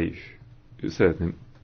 be is szeretném